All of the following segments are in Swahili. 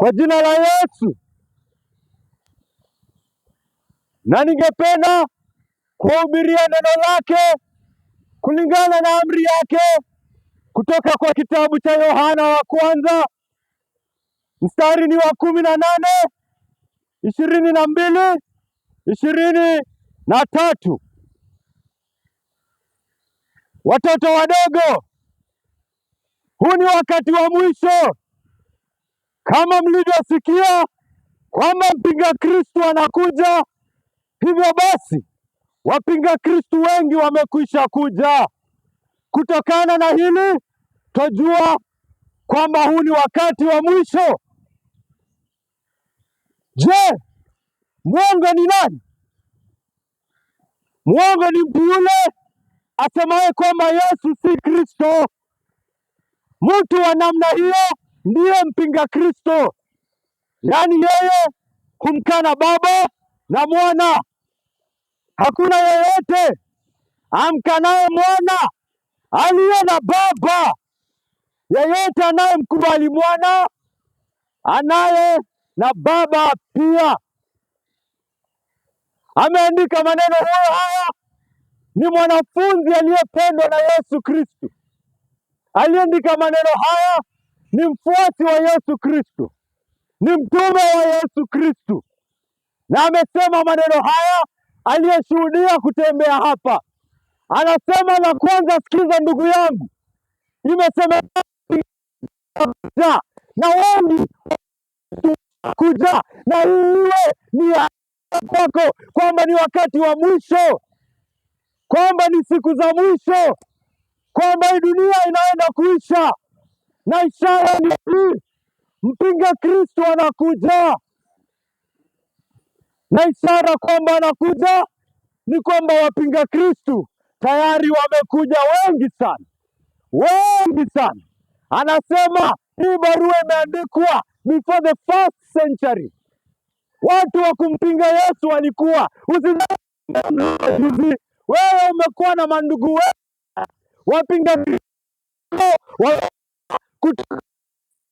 Kwa jina la Yesu. Na ningependa kuhubiria neno lake kulingana na amri yake kutoka kwa kitabu cha Yohana wa kwanza mstari ni wa kumi na nane ishirini na mbili ishirini na tatu. Watoto wadogo, huu ni wakati wa mwisho. Kama mlivyosikia kwamba mpinga Kristo anakuja, hivyo basi wapinga Kristo wengi wamekwisha kuja. Kutokana na hili, twajua kwamba huu ni wakati wa mwisho. Je, mwongo ni nani? Mwongo ni mtu yule asemaye kwamba Yesu si Kristo. Mtu wa namna hiyo ndiye mpinga Kristo, yaani yeye kumkana Baba na Mwana. Hakuna yeyote amkanaye Mwana aliye na Baba. Yeyote anayemkubali Mwana anaye na Baba pia. Ameandika maneno hayo haya, ni mwanafunzi aliyependwa na Yesu Kristo aliandika maneno haya ni mfuasi wa Yesu Kristo, ni mtume wa Yesu Kristo, na amesema maneno haya aliyeshuhudia kutembea hapa. Anasema la kwanza, sikiza ndugu yangu, imesema na wengi kuja na iwe ni kwako, kwamba ni wakati wa mwisho, kwamba ni siku za mwisho, kwamba hii dunia inaenda kuisha na ishara ni hii, mpinga Kristo anakuja, na ishara kwamba anakuja ni kwamba wapinga Kristo tayari wamekuja wengi sana, wengi sana. Anasema hii barua imeandikwa before the first century. Watu wa kumpinga Yesu walikuwa usizi. Wewe umekuwa na mandugu wapinga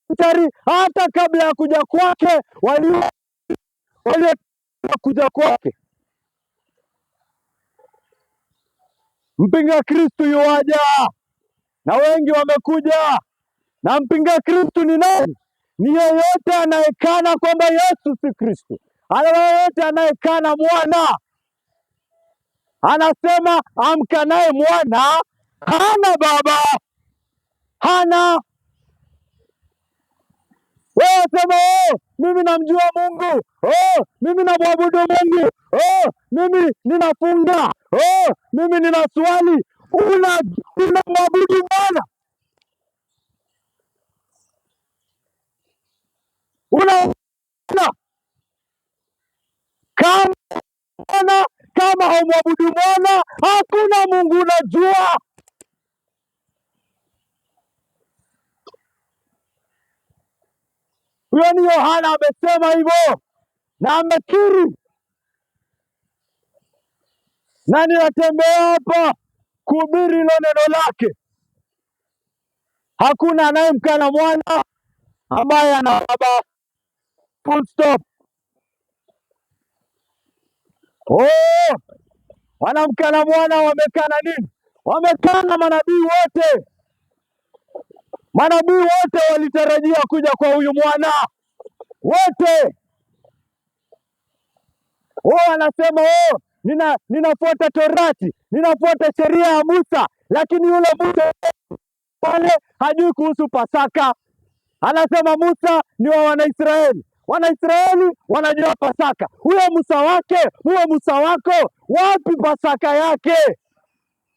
kutari hata kabla ya kuja kwake, wali kuja kwake. Mpinga Kristu yuwaja na wengi wamekuja, na mpinga Kristu ni nani? Ni yeyote anayekana kwamba Yesu si Kristu, yeyote anayekana mwana. Anasema amkanaye mwana hana baba, hana wewe sema oh, mimi namjua Mungu oh, mimi namwabudu Mungu oh, mimi ninafunga oh, mimi ninaswali. Una unamwabudu Bwana, una kama kama haumwabudu Bwana hakuna Mungu unajua Huyo ni Yohana amesema hivyo na amekiri, na ninatembea hapa kuhubiri hilo neno lake. Hakuna anayemkana mwana ambaye ana baba, full stop. Oh, wanamkana mwana, wamekana nini? Wamekana manabii wote. Manabii wote walitarajia kuja kwa huyu mwana, wote wao wanasema oh, nina ninafuata Torati, ninafuata sheria ya Musa, lakini yule Musa pale hajui kuhusu Pasaka. Anasema Musa ni wa Wanaisraeli, Wanaisraeli wanajua Pasaka. Huyo Musa wake, huyo Musa wako, wapi Pasaka yake?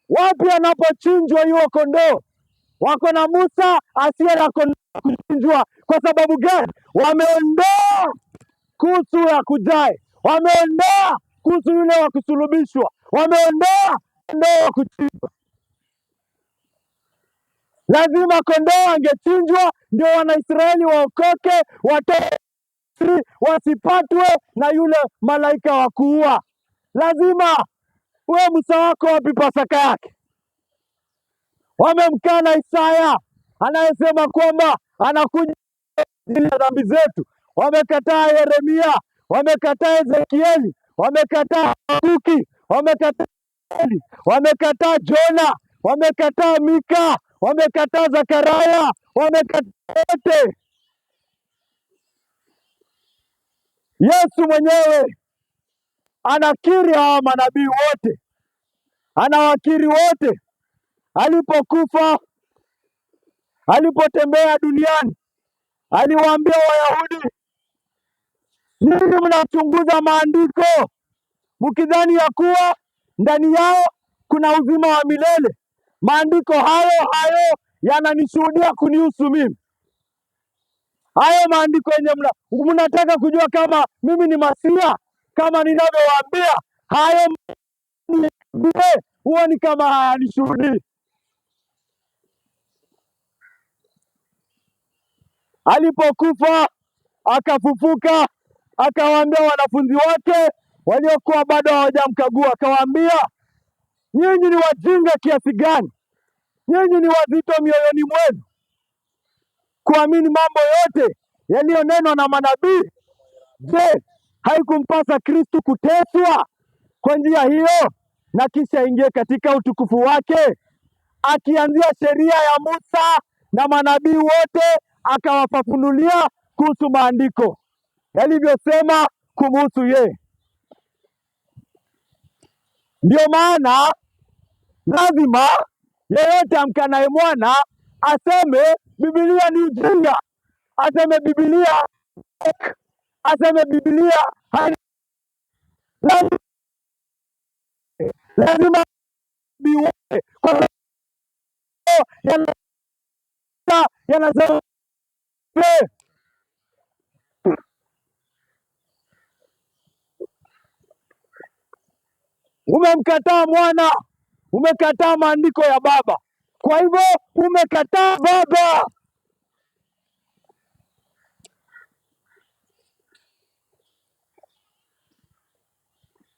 Wapi anapochinjwa hiyo kondoo? wako na Musa asiye na kuchinjwa. Kwa sababu gani? Wameondoa kuhusu ya kujae, wameondoa kuhusu yule wa kusulubishwa, wameondoa kondoo wa kuchinjwa. Lazima kondoo angechinjwa ndio Wanaisraeli waokoke, watoe wasipatwe na yule malaika wa kuua. Lazima uwe Musa wako wapi Pasaka yake? Wamemkana Isaya anayesema kwamba anakuja ya dhambi zetu. Wamekataa Yeremia, wamekataa Ezekieli, wamekataa Habakuki, wamekataa wamekataa Jona, wamekataa Mika, wamekataa Zakaraya, wamekataa wote. Yesu mwenyewe anakiri hawa manabii wote, anawakiri wote Alipokufa, alipotembea duniani, aliwaambia Wayahudi, ninyi mnachunguza maandiko mkidhani ya kuwa ndani yao kuna uzima wa milele. Maandiko hayo hayo yananishuhudia kunihusu mimi. Hayo maandiko yenye mna, mnataka kujua kama mimi ni Masia kama ninavyowaambia hayo, huwa ni kama hayanishuhudii. Alipokufa akafufuka, akawaambia wanafunzi wake waliokuwa bado hawajamkagua, akawaambia, nyinyi ni wajinga kiasi gani? Nyinyi ni wazito mioyoni mwenu kuamini mambo yote yaliyonenwa na manabii. Je, haikumpasa Kristu kuteswa kwa njia hiyo na kisha aingie katika utukufu wake, akianzia sheria ya Musa na manabii wote akawafafunulia kuhusu maandiko yalivyosema kumuhusu ye. Ndiyo maana lazima yeyote amkanaye mwana aseme Biblia ni ujinga, aseme Biblia aseme Biblia hai lazima biwe kwa yanasema Pe- Umemkataa mwana, umekataa maandiko ya Baba, kwa hivyo umekataa Baba.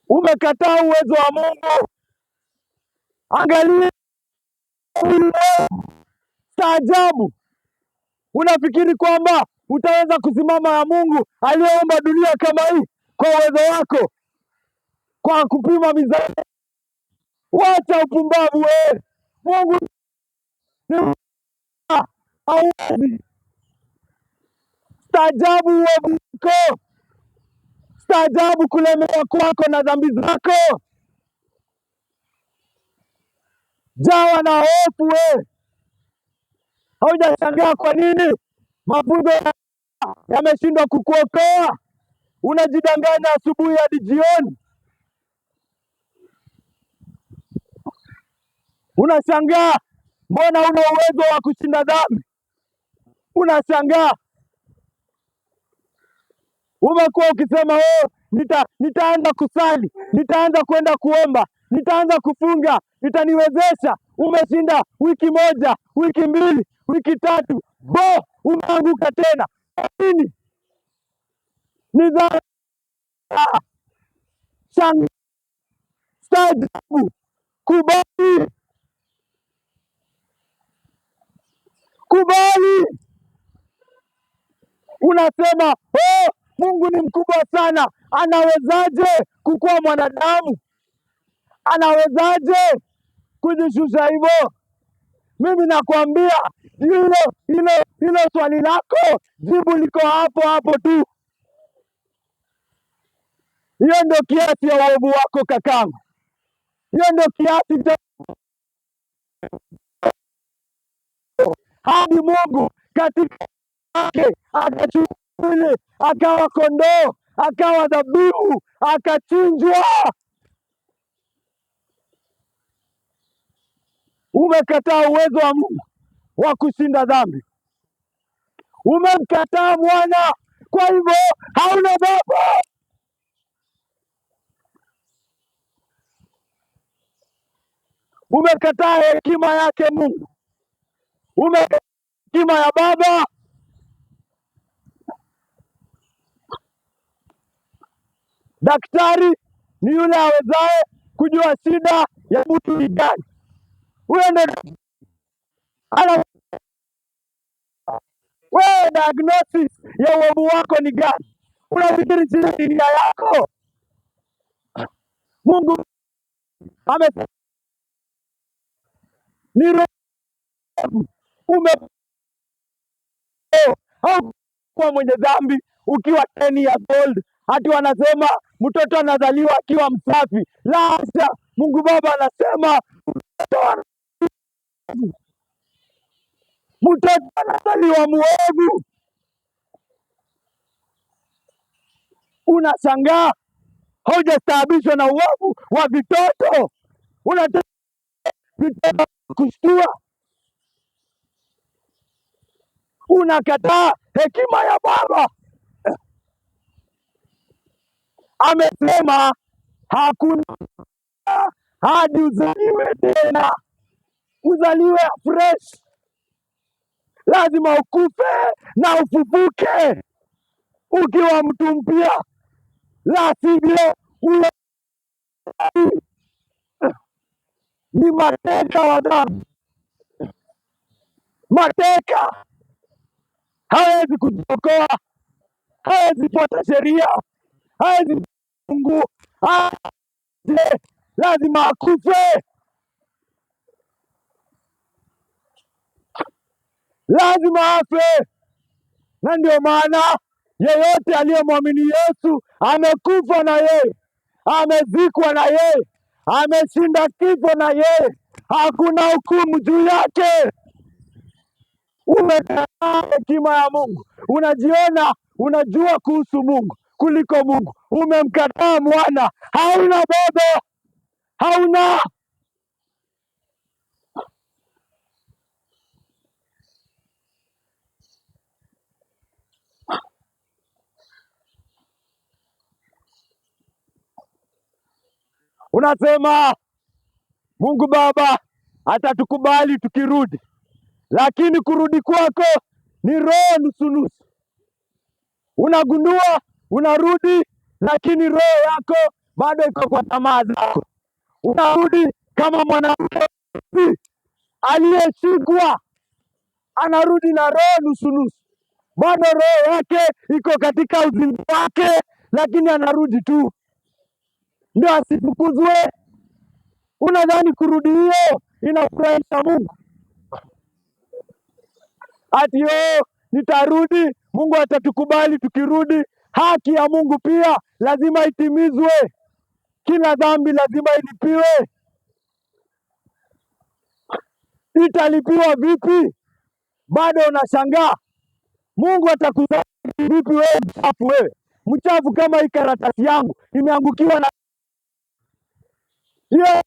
Umekataa uwezo wa Mungu. Angalia staajabu. Unafikiri kwamba utaweza kusimama ya Mungu aliyeumba dunia kama hii kwa uwezo wako, kwa kupima mizani? Wacha upumbavu wewe. Mungu hauwezi. Staajabu uovu wako, staajabu kulemewa kwako na dhambi zako. Jawa na hofu wewe. Haujashangaa kwa nini mafunzo yameshindwa kukuokoa? Unajidanganya asubuhi hadi jioni, unashangaa mbona una uwezo wa kushinda dhambi, unashangaa umekuwa ukisema wewe oh, nita, nitaanza kusali, nitaanza kwenda kuomba, nitaanza kufunga, itaniwezesha. Umeshinda wiki moja, wiki mbili, wiki tatu, bo, umeanguka tena. Nini ni kubali, kubali, unasema oh, Mungu ni mkubwa sana. Anawezaje kukuwa mwanadamu? Anawezaje kujishusha hivyo? Mimi nakwambia hilo hilo hilo swali lako, jibu liko hapo hapo tu. Hiyo ndio kiasi ya uovu wako kakangu, hiyo ndio kiasi cha hadi Mungu katika yake akachukua pili, akawa kondoo, akawa dhabihu, akachinjwa. Umekataa uwezo wa Mungu wa kushinda dhambi, umemkataa mwana, kwa hivyo hauna baba. Umekataa hekima yake Mungu, umekataa hekima ya Baba. Daktari ni yule awezaye kujua shida ya mtu ni gani. Huyo ndio ana wewe, diagnosis ya uovu wako ni gani? Unafikiri shida ni nia yako? Mungu ame ni ume au kwa mwenye dhambi ukiwa 10 years old hati wanasema mtoto anazaliwa akiwa msafi. La hasha, Mungu Baba anasema mtoto anazaliwa mwovu. Unashangaa haujastaabishwa na uovu wa vitoto, unataka vitoto kushtua, unakataa hekima ya Baba amesema hakuna hadi uzaliwe tena, uzaliwe fresh, lazima ukufe na ufufuke ukiwa mtu mpya, la sivyo ule ni mateka wa dhambi. Mateka hawezi kujiokoa, hawezi pata sheria, hawezi Mungu aje, lazima akufe, lazima afe. Na ndio maana yeyote aliyemwamini Yesu amekufa na yeye, amezikwa na yeye, ameshinda kifo na yeye, hakuna hukumu juu yake. Umekaa hekima ya Mungu, unajiona unajua kuhusu Mungu, kuliko Mungu. Umemkataa mwana, hauna baba, hauna Unasema Mungu Baba atatukubali tukirudi, lakini kurudi kwako ni roho nusunusu. Unagundua unarudi, lakini roho yako bado iko kwa tamaa zako. Unarudi kama mwanamke aliyeshikwa, anarudi na roho nusunusu, bado roho yake iko katika uzinzi wake, lakini anarudi tu ndio asifukuzwe. Unadhani kurudi hiyo inafurahisha Mungu? Ati yo oh, nitarudi, Mungu atatukubali tukirudi? Haki ya Mungu pia lazima itimizwe, kila dhambi lazima ilipiwe. Italipiwa vipi? Bado unashangaa. Mungu atakuza vipi wewe mchafu? Wewe mchafu kama hii karatasi yangu imeangukiwa na hiyo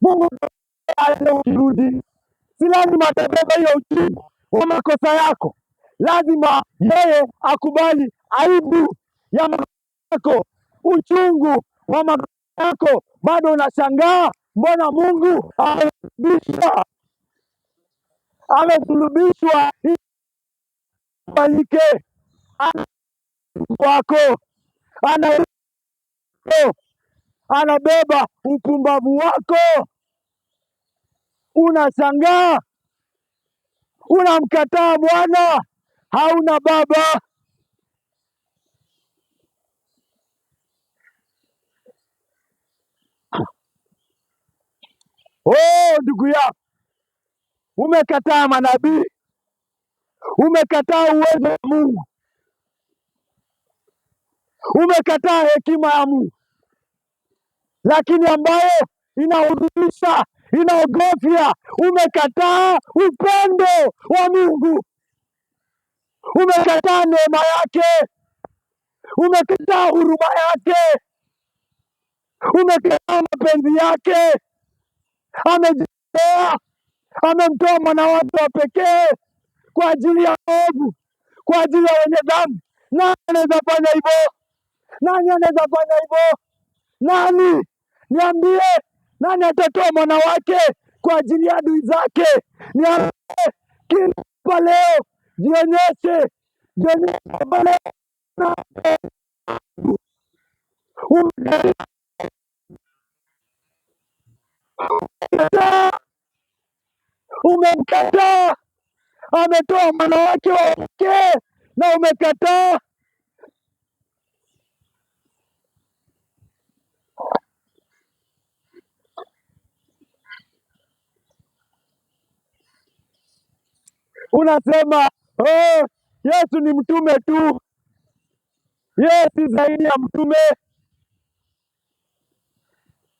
Mungu, ukirudi si lazima atabeba hiyo uchungu kwa makosa yako, lazima yeye akubali aibu ya makosa yako, uchungu wa makosa yako. Bado unashangaa mbona Mungu amesulubishwa, amesulubishwa balike wako ana anabeba upumbavu wako, unashangaa Unamkataa Bwana, hauna baba. Oh, ndugu yako, umekataa manabii, umekataa uwezo wa Mungu, umekataa hekima ya Mungu, lakini ambayo inahudumisha inaogofya. Umekataa upendo wa Mungu, umekataa neema yake, umekataa huruma yake, umekataa mapenzi yake. Amejitoa, amemtoa mwana wake wa pekee kwa ajili ya ovu, kwa ajili ya wenye dhambi. Nani anaweza fanya hivyo? Nani anaweza fanya hivyo? Nani? Niambie. Nani atatoa mwana wake kwa ajili ya adui zake? Niambie, kipa leo, jionyeshe, Umemkataa, ametoa mwana wake wa pekee na umekataa unasema oh, Yesu ni mtume tu, yeye si zaidi ya mtume.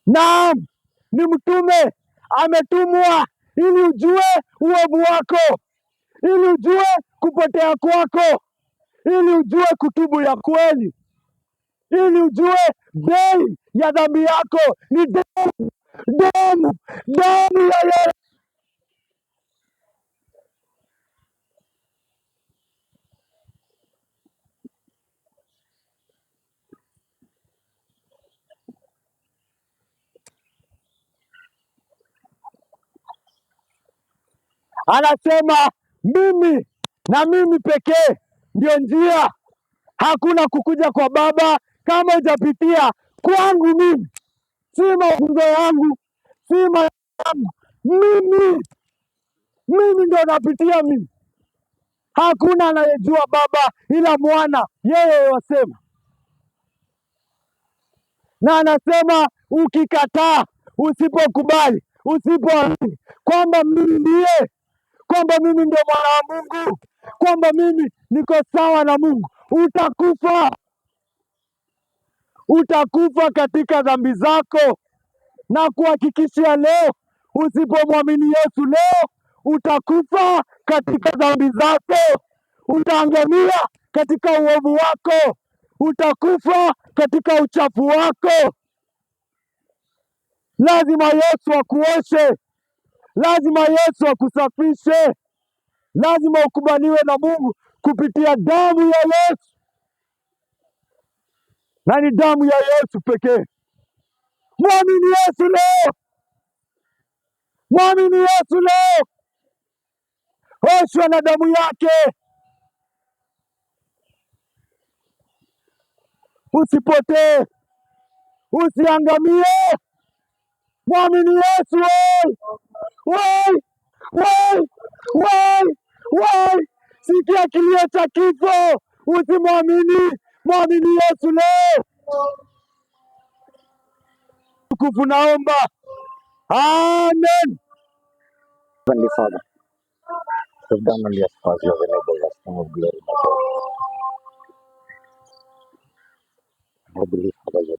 Naam, ni mtume, ametumwa ili ujue uovu wako, ili ujue kupotea kwako, ili ujue kutubu ya kweli, ili ujue bei ya dhambi yako ni damu, damu, damu ya Yesu. anasema mimi na mimi pekee ndio njia. Hakuna kukuja kwa Baba kama hujapitia kwangu mimi. Si mafunzo yangu, si yangu mimi, mimi ndio napitia mimi. Hakuna anayejua Baba ila Mwana, yeye yosema Na anasema ukikataa, usipokubali, usipoamini kwamba mimi ndiye kwamba mimi ndio mwana wa Mungu, kwamba mimi niko sawa na Mungu, utakufa. Utakufa katika dhambi zako, na kuhakikishia leo, usipomwamini Yesu leo utakufa katika dhambi zako, utaangamia katika uovu wako, utakufa katika uchafu wako. Lazima Yesu akuoshe. Lazima Yesu akusafishe, lazima ukubaliwe na Mungu kupitia damu ya Yesu, na ni damu ya Yesu pekee. Mwamini Yesu leo, mwamini Yesu leo, oshwa na damu yake. Usipotee, usiangamie. Mwamini Yesu. Wai! Wai! Wai! Wai! Sikia kilio cha kifo, usimwamini, mwamini Yesu leo. Tukufu naomba. Amen. Heavenly Father, you've done only as far as you have enabled us, King of glory, I believe, Father,